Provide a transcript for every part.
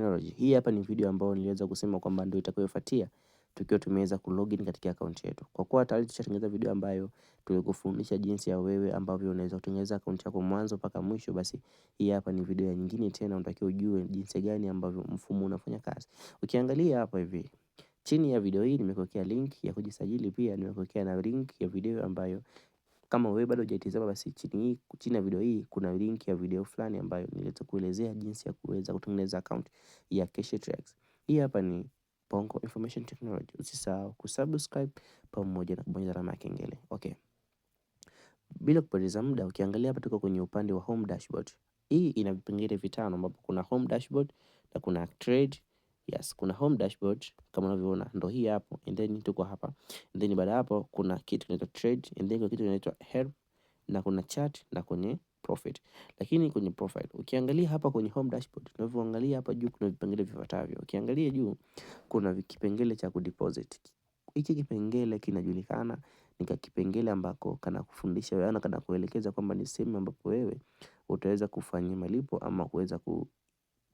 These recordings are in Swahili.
Technology. Hii hapa ni video ambayo niliweza kusema kwamba ndio itakayofuatia tukiwa tumeweza kulogin katika account yetu. Kwa kuwa tayari tushatengeneza video ambayo tulikufundisha jinsi ya wewe ambavyo unaweza kutengeneza account yako mwanzo mpaka mwisho, basi hii hapa ni video ya nyingine tena, unatakiwa ujue jinsi gani ambavyo mfumo unafanya kazi. Ukiangalia hapa hivi chini ya video hii nimekuwekea link ya kujisajili, pia nimekuwekea na link ya video ambayo kama wewe bado hujaitazama basi chini ya video hii kuna link ya video fulani ambayo kuelezea jinsi ya kuweza kutengeneza account ya Cash-Trax. Hii hapa ni Bongo Information Technology. Usisahau kusubscribe pamoja na kubonyeza alama ya kengele. Okay. Bila kupoteza muda ukiangalia hapa tuko kwenye upande wa home dashboard. Hii ina vipengele vitano ambapo kuna home dashboard na kuna trade Yes, kuna home dashboard kama unavyoona ndo hii hapo, and then tuko hapa, and then baada hapo kuna kitu kinaitwa trade, and then kuna kitu kinaitwa help na kuna chart na kwenye profit. Lakini kwenye profile ukiangalia hapa kwenye home dashboard, unavyoangalia hapa juu kuna vipengele vifuatavyo. Ukiangalia juu kuna kipengele cha kudeposit. Hiki kipengele kinajulikana ni kipengele ambako kana kufundisha wewe na kuelekeza kwamba ni sehemu ambapo wewe utaweza kufanya malipo ama kuweza ku,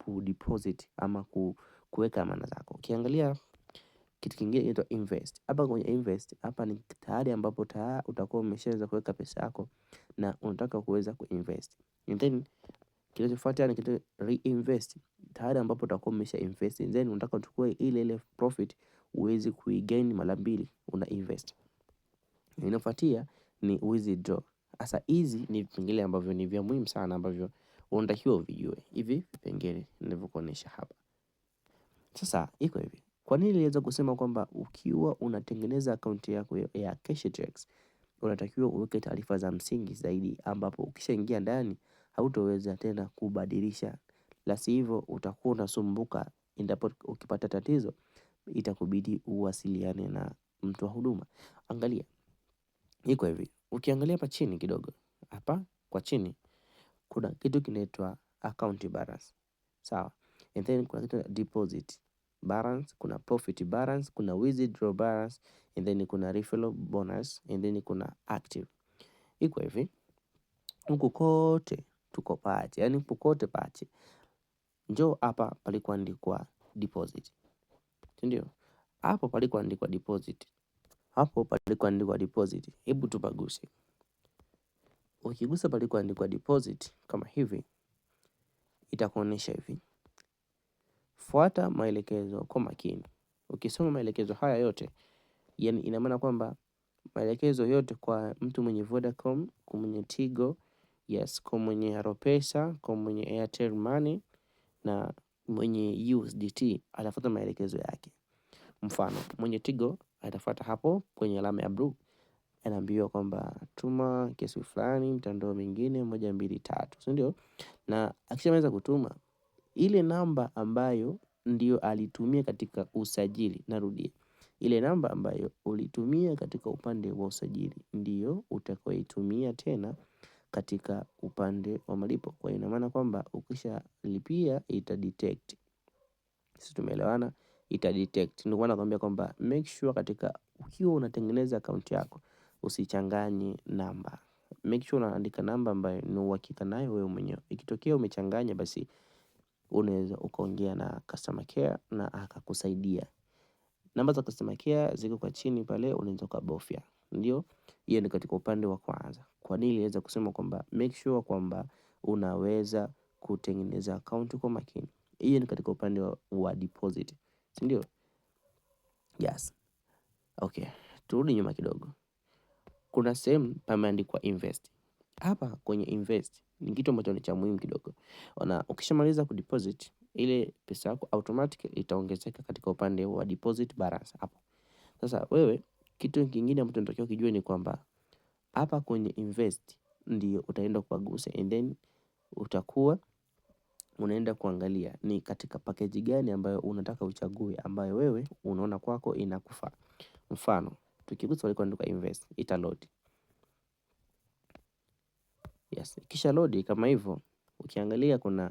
ku deposit ama ku kuweka amana zako. Ukiangalia kitu kingine inaitwa invest. Hapa kwenye invest, hapa ni tayari ambapo tayari utakuwa umeshaweza kuweka pesa yako na unataka kuweza kuinvest. And then kinachofuata ni kitu reinvest. Tayari ambapo utakuwa umesha invest. And then unataka uchukue ile ile profit uweze kuigain mara mbili, una invest. Inafuatia ni withdraw. Sasa hizi ni vipengele ambavyo ni vya muhimu sana ambavyo unatakiwa uvijue. Hivi vipengele ninavyokuonyesha hapa. Sasa iko hivi, kwa nini niliweza kusema kwamba ukiwa unatengeneza akaunti yako ya CashTrax unatakiwa uweke taarifa za msingi zaidi, ambapo ukishaingia ndani hautoweza tena kubadilisha, la sivyo utakuwa unasumbuka. Endapo ukipata tatizo, itakubidi uwasiliane na mtu wa huduma. Angalia, iko hivi, ukiangalia hapa chini kidogo, hapa kwa chini kuna kitu kinaitwa account balance, sawa, and then kuna kitu deposit balance, kuna profit balance, kuna withdraw balance and then kuna referral bonus and then kuna active. Iko hivi huku kote tuko pache, yani huku kote pache. Njoo hapa palikuandikwa deposit, si ndio? Hapo palikuandikwa deposit, hapo palikuandikwa deposit. Hebu tupaguse. Ukigusa palikuandikwa deposit kama hivi, itakuonyesha hivi fuata maelekezo kwa makini. Ukisoma maelekezo haya yote, yani ina maana kwamba maelekezo yote kwa mtu mwenye Vodacom, kwa mwenye Tigo, yes, kwa mwenye Aropesa, kwa mwenye Airtel Money na mwenye USDT atafuata maelekezo yake. Mfano, mwenye Tigo atafuata hapo kwenye alama ya blue, anaambiwa kwamba tuma kiasi fulani mtandao mingine moja mbili tatu, si ndio? Na akishaweza kutuma ile namba ambayo ndio alitumia katika usajili. Narudia, ile namba ambayo ulitumia katika upande wa usajili ndiyo utakayoitumia tena katika upande wa malipo. Kwa hiyo ina maana kwamba ukishalipia ita detect. Sisi tumeelewana, ita detect. Ndio maana nakwambia kwamba make sure katika ukiwa unatengeneza akaunti yako usichanganye namba. Make sure unaandika namba ambayo ni uhakika nayo wewe mwenyewe. Ikitokea umechanganya basi unaweza ukaongea na customer care na akakusaidia. Namba za customer care ziko kwa chini pale, unaweza ukabofya. Ndio, hiyo ni katika upande wa kwanza. Kwa nini niweza kusema kwamba make sure kwamba unaweza kutengeneza akaunti kwa makini. Hiyo ni katika upande wa deposit, si ndio? Yes. Okay, turudi nyuma kidogo. Kuna sehemu pameandikwa invest. Hapa kwenye invest ni kitu ambacho ni cha muhimu kidogo, na ukishamaliza ku deposit ile pesa yako automatic itaongezeka katika upande wa deposit balance hapo. Sasa wewe, kitu kingine ambacho unatakiwa kujua ni kwamba hapa kwenye invest ndio utaenda kupagusa and then utakuwa unaenda kuangalia ni katika package gani ambayo unataka uchague, ambayo wewe unaona kwako inakufaa. Mfano, tukigusa liko andikwa invest, itaload. Yes, kisha load kama hivyo. Ukiangalia kuna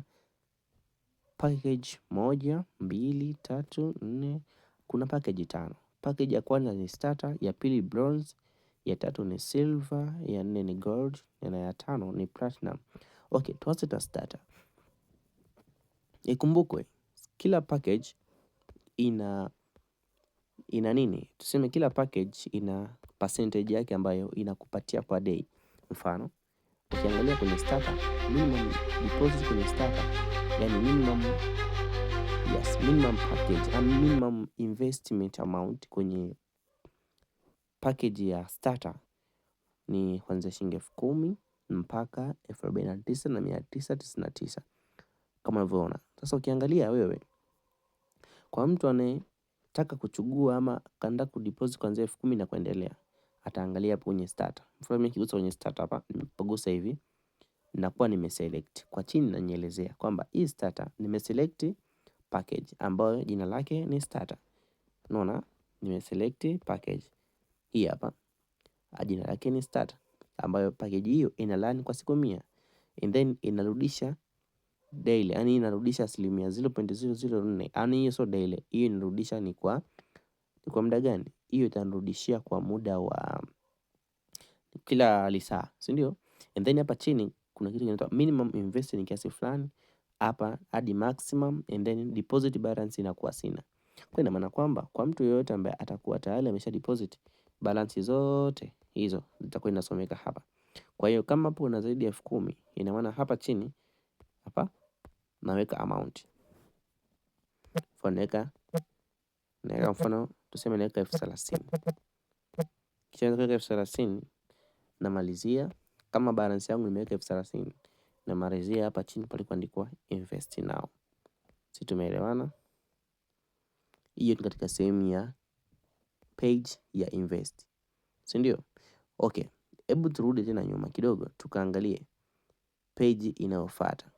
package moja, mbili, tatu, nne, kuna package tano. Package ya kwanza ni starter, ya pili bronze, ya tatu ni silver, ya nne ni gold, na ya tano ni platinum. Okay, tuanze na starter. Ikumbukwe kila package ina ina nini? Tuseme kila package ina percentage yake ambayo inakupatia kwa day. Mfano Ukiangalia kwenye staka, minimum deposit kwenye staka, yani minimum, yes, minimum package and minimum investment amount kwenye package ya starter ni kuanzia shilingi elfu kumi mpaka elfu arobaini na tisa na mia tisa tisini na tisa kama unavyoona. Sasa ukiangalia wewe, kwa mtu anayetaka kuchugua ama kaenda kudeposit kuanzia elfu kumi na kuendelea ataangalia hapo kwenye starter. Mfano mimi nikigusa kwenye starter hapa, nimepagusa hivi nakuwa nimeselect kwa chini, nanyelezea kwamba hii starter nimeselect package ambayo jina lake ni starter. Unaona, nimeselect package hii hapa, ah, jina lake ni starter, ambayo package hiyo ina run kwa siku 100 and then inarudisha daily, yani inarudisha asilimia 0.004. Yani hiyo sio daily, hiyo inarudisha ni kwa ni kwa muda gani? Hiyo itanirudishia kwa muda wa kila lisaa, si ndio? And then hapa chini kuna kitu kinaitwa minimum invested ni kiasi fulani hapa hadi maximum, and then deposit balance inakuwa sina. Kwa ina maana kwamba kwa mtu yoyote ambaye atakuwa tayari amesha deposit balance zote hizo zitakuwa inasomeka hapa. Kwa hiyo kama hapo una zaidi ya elfu kumi ina maana hapa chini hapa naweka amount naweka naweka mfano tuseme naweka elfu thelathini kisha naweka elfu thelathini namalizia kama balance yangu nimeweka elfu thelathini namalizia hapa chini palipoandikwa invest now. Si tumeelewana? Hiyo ni katika sehemu ya page ya invest, si ndio? Okay, hebu turudi tena nyuma kidogo tukaangalie page inayofuata.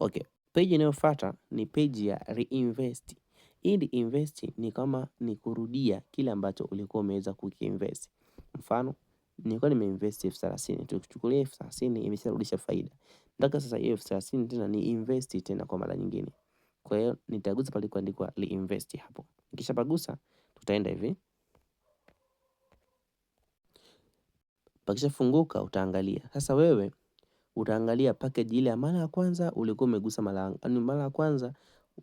Okay, page inayofuata ni page ya reinvest. Yield invest ni kama ni kurudia kile ambacho ulikuwa umeweza kukiinvest. Mfano, nilikuwa nimeinvest elfu thelathini, tukichukulia elfu thelathini imesharudisha faida. Nataka sasa hiyo elfu thelathini tena invest tena kwa mara nyingine. Kwa hiyo nitagusa palikoandikwa reinvest hapo. pagusa tutaenda hivi. Pakishafunguka utaangalia. Sasa wewe utaangalia package ile ya mara ya kwanza ulikuwa umegusa mara ya yaani kwanza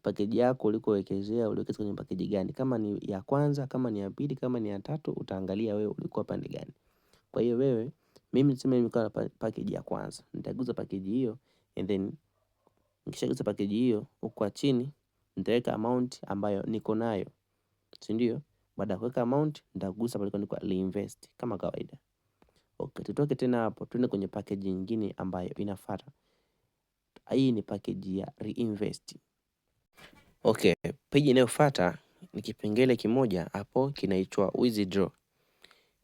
pakeji yako ulikowekezea uliwekeza kwenye pakeji gani, kama ni ya kwanza, kama ni ya pili, kama ni ya tatu, utaangalia wewe ulikuwa pande gani. Kwa hiyo wewe, mimi nisema mimi nilikuwa pakeji ya kwanza, nitaguza pakeji hiyo and then nikishaguza pakeji hiyo, huko chini nitaweka amount ambayo niko nayo, si ndio? Baada ya kuweka amount nitagusa pale kwa reinvest kama kawaida. Okay, tutoke tena hapo, tuende kwenye pakeji nyingine ambayo inafuata. Hii ni pakeji ya reinvest. Okay, peji inayofuata ni kipengele kimoja hapo kinaitwa withdraw.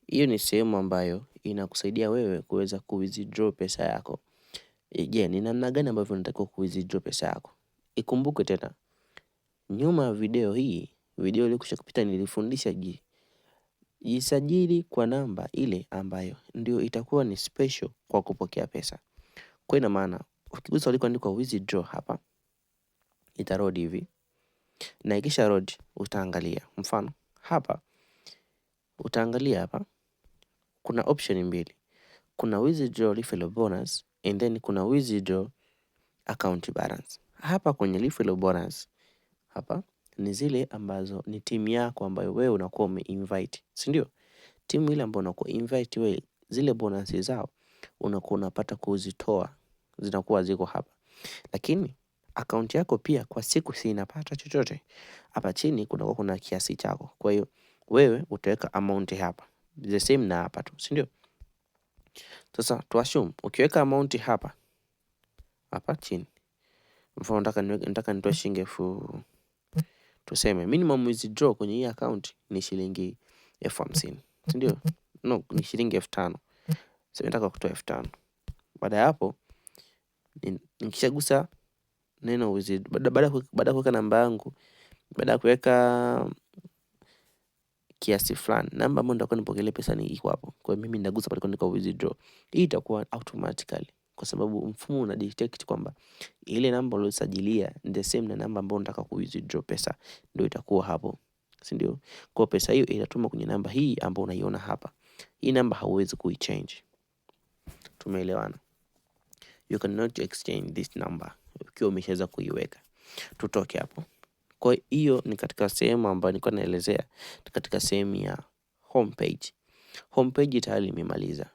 Hiyo ni sehemu ambayo inakusaidia wewe kuweza ku withdraw pesa yako. Je, ni namna gani ambavyo unatakiwa ku withdraw pesa yako? Ikumbuke tena nyuma ya video hii, video iliyokusha kupita nilifundisha ji jisajili kwa namba ile ambayo ndio itakuwa ni special kwa kupokea pesa. Kwa ina maana ukigusa ulikoandikwa withdraw hapa itarudi hivi na ikisha load utaangalia, mfano hapa utaangalia hapa kuna option mbili, kuna withdraw refillable bonus and then kuna withdraw account balance. Hapa kwenye refillable bonus hapa ni zile ambazo ni timu yako ambayo wewe unakuwa umeinvite, si ndio? Timu ile ambayo unakuwa invite wewe, zile bonus zao unakuwa unapata kuzitoa, zinakuwa ziko hapa, lakini akaunti yako pia kwa siku si inapata chochote. Hapa chini kunakuwa kuna kiasi chako, kwa hiyo wewe utaweka amount hapa the same na hapa tu, si ndio? Sasa tu assume ukiweka amount hapa hapa chini, mfano nataka nataka nitoe shilingi elfu, tuseme minimum withdraw kwenye hii account ni shilingi elfu hamsini si ndio? No, ni shilingi elfu tano Sasa nataka kutoa elfu tano Baada ya hapo nikishagusa neno wizard. Baada ya kuweka namba yangu, baada ya kuweka kiasi fulani, namba ambayo nitakuwa nipokelea pesa ni iko hapo. Kwa hiyo mimi nitagusa pale kwa withdraw, hii itakuwa automatically kwa sababu mfumo una detect kwamba ile namba uliyosajilia ni the same na namba ambayo unataka ku withdraw pesa, ndio itakuwa hapo, si ndio? Kwa pesa hiyo itatuma kwenye namba hii ambayo unaiona hapa. Hii namba hauwezi kuichange. Tumeelewana? You cannot exchange this number ukiwa umeshaweza kuiweka. Tutoke hapo. Kwa hiyo ni katika sehemu ambayo nilikuwa naelezea, katika sehemu ya homepage. Homepage tayari nimemaliza.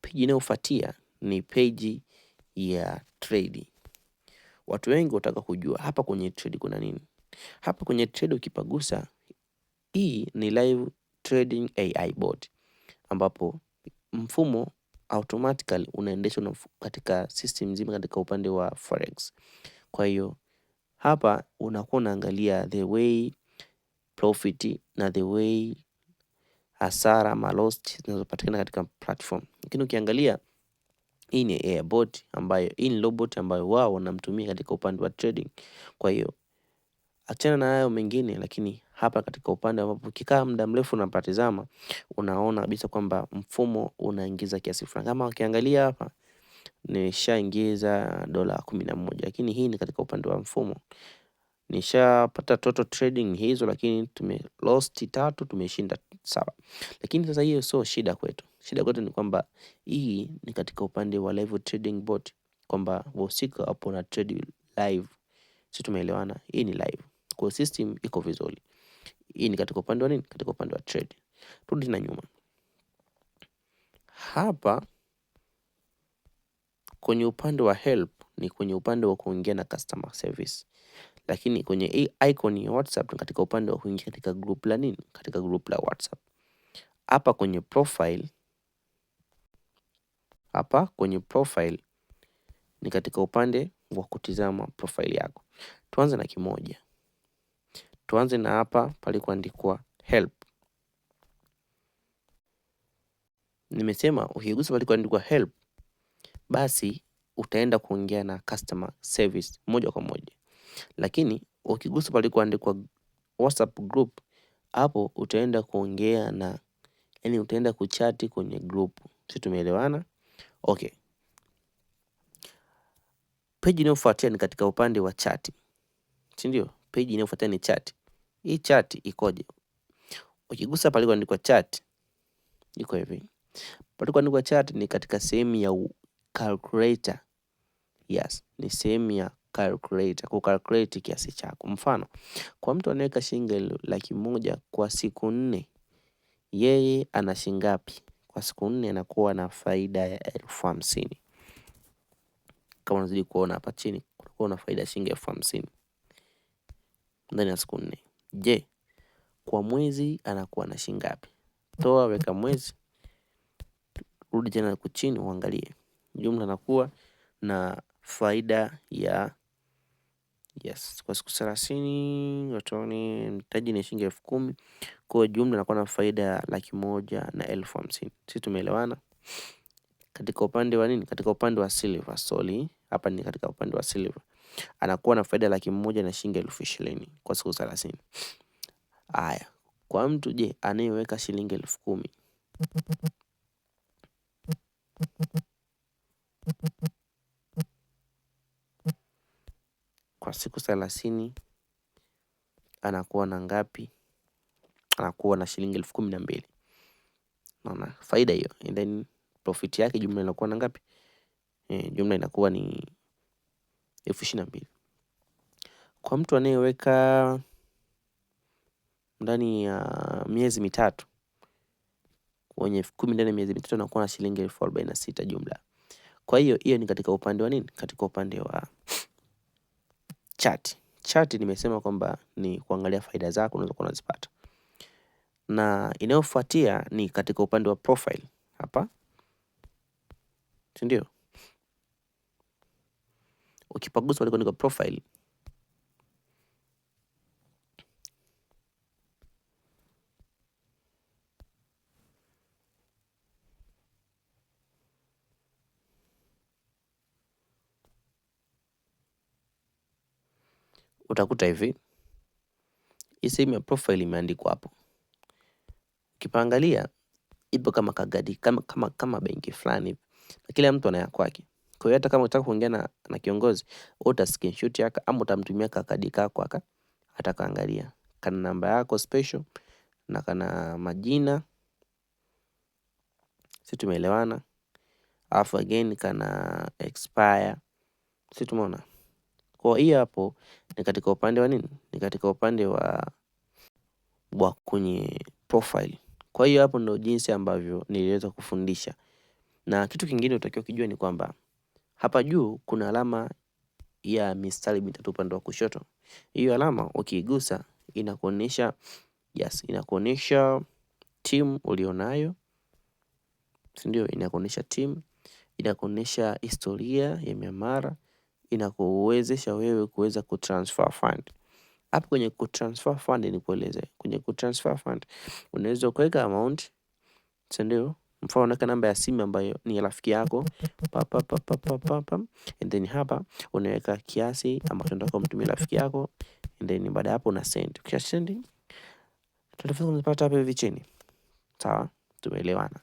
Page inayofuatia ni page ya trade. Watu wengi wataka kujua hapa kwenye trade kuna nini? Hapa kwenye trade ukipagusa, hii ni live trading AI bot ambapo mfumo automatically unaendeshwa katika system nzima katika upande wa forex. Kwa hiyo hapa unakuwa unaangalia the way profit na the way hasara ama lost zinazopatikana katika platform. Lakini ukiangalia hii ni airbot ambayo hii ni robot ambayo wao wanamtumia katika upande wa trading. Kwa hiyo achana na hayo mengine lakini hapa katika upande ambapo ukikaa muda mrefu unapatizama, unaona kabisa kwamba mfumo unaingiza kiasi fulani. Kama ukiangalia hapa nishaingiza dola kumi na moja, lakini hii ni katika upande wa mfumo. Nishapata total trading hizo, lakini tume lost tatu, tumeshinda saba. Lakini sasa hiyo sio shida kwetu. Shida kwetu ni kwamba hii ni katika upande wa live trading bot, kwamba wahusika hapo na trade live. Sisi tumeelewana, hii ni live, kwa system iko vizuri. Hii ni katika upande wa nini? Katika upande wa trade. Turudi na nyuma hapa kwenye upande wa help ni kwenye upande wa kuingia na customer service, lakini kwenye hii icon ya WhatsApp ni katika upande wa kuingia katika group la nini, katika group la WhatsApp. Hapa kwenye profile, hapa kwenye profile ni katika upande wa kutizama profile yako. Tuanze na kimoja. Tuanze na hapa palikuandikwa help. Nimesema ukigusa palikuandikwa help, basi utaenda kuongea na customer service moja kwa moja, lakini ukigusa palikuandikwa WhatsApp group, hapo utaenda kuongea na yani, utaenda kuchati kwenye group. Si tumeelewana? Okay. Peji inayofuatia ni katika upande wa chati, si ndio? Peji inayofuatia ni chati. Hii chat ikoje? Ukigusa pale kuandikwa iko hivi. Pale kuandikwa ni katika sehemu ya calculator. Yes, ni sehemu ya calculator, ku calculate kiasi chako. Mfano, kwa mtu anaweka shilingi laki moja kwa siku nne, yeye ana shilingi kwa siku nne? Anakuwa na faida ya elfu hamsini. Kama unazidi kuona hapa chini, unakuwa na faida shilingi elfu hamsini ndani ya siku nne. Je, kwa mwezi anakuwa na shilingi ngapi? Toa weka mwezi, rudi tena kuchini chini uangalie. Jumla anakuwa na faida ya yes, kwa siku thelathini watoni mtaji ni shilingi elfu kumi kwa jumla anakuwa na faida ya laki moja na elfu hamsini. Si tumeelewana? Katika upande wa nini? Katika upande wa silver, sorry. Hapa ni katika upande wa silver anakuwa na faida laki moja na shilingi elfu ishirini kwa siku thelathini. Haya, kwa mtu je, anayeweka shilingi elfu kumi kwa siku thelathini anakuwa na ngapi? Anakuwa na shilingi elfu kumi na mbili. Naona faida hiyo, and then profit yake jumla inakuwa na ngapi? E, jumla inakuwa ni elfu ishirini na mbili kwa mtu anayeweka ndani ya miezi mitatu wenye elfu kumi ndani ya miezi mitatu anakuwa na shilingi elfu arobaini na sita jumla. Kwa hiyo hiyo ni katika upande wa nini? Katika upande wa chati. Chati nimesema kwamba ni kuangalia faida zako unazokuwa unazipata, na inayofuatia ni katika upande wa profile hapa, si ndio? ukipagusa pale kuandika profile utakuta hivi hii sehemu ya profile imeandikwa hapo. Ukipangalia ipo kama kagadi, kama, kama, kama benki fulani, na kila mtu ana ya kwake. Kwa hiyo hata kama unataka kuongea na, na kiongozi uta screenshot yako ama utamtumia kakadi kako aka atakaangalia kana namba yako special na kana majina, si tumeelewana? Alafu again kana expire, si tumeona? Kwa hiyo hapo ni katika upande wa nini? Ni katika upande wa wa kwenye profile. Kwa hiyo hapo ndo jinsi ambavyo niliweza kufundisha, na kitu kingine utakiwa kijua ni kwamba hapa juu kuna alama ya mistari mitatu upande wa kushoto. Hiyo alama ukiigusa inakuonyesha yes, inakuonyesha timu ulionayo, si ndio? Inakuonyesha timu, inakuonyesha historia ya miamara, inakuwezesha wewe kuweza kutransfer fund. Hapa kwenye kutransfer fund, nikueleze kwenye kutransfer fund unaweza ukaweka amount, si ndio? Mfano unaweka namba ya simu ambayo ni rafiki yako pa, pa, pa, pa, pa, pa, pa. And then hapa unaweka kiasi ambacho unataka kumtumia rafiki yako and then baada ya hapo una send. Ukisha send taarifa unazipata hapa hivi chini. Sawa, tumeelewana.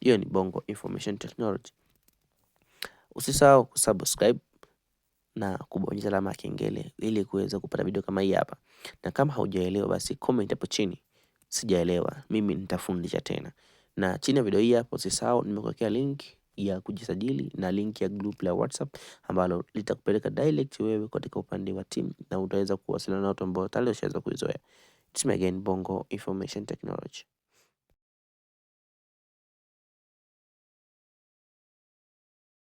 Hiyo ni Bongo Information Technology. Usisahau kusubscribe na kubonyeza alama ya kengele ili kuweza kupata video kama hii hapa, na kama haujaelewa basi comment hapo chini, sijaelewa, mimi nitafundisha tena na chini ya video hii hapo usisahau nimekuwekea link ya kujisajili na link ya group la WhatsApp ambalo litakupeleka direct wewe katika upande wa timu na utaweza kuwasiliana na watu ambao tayari ushaweza kuizoea. It's me again Bongo Information Technology.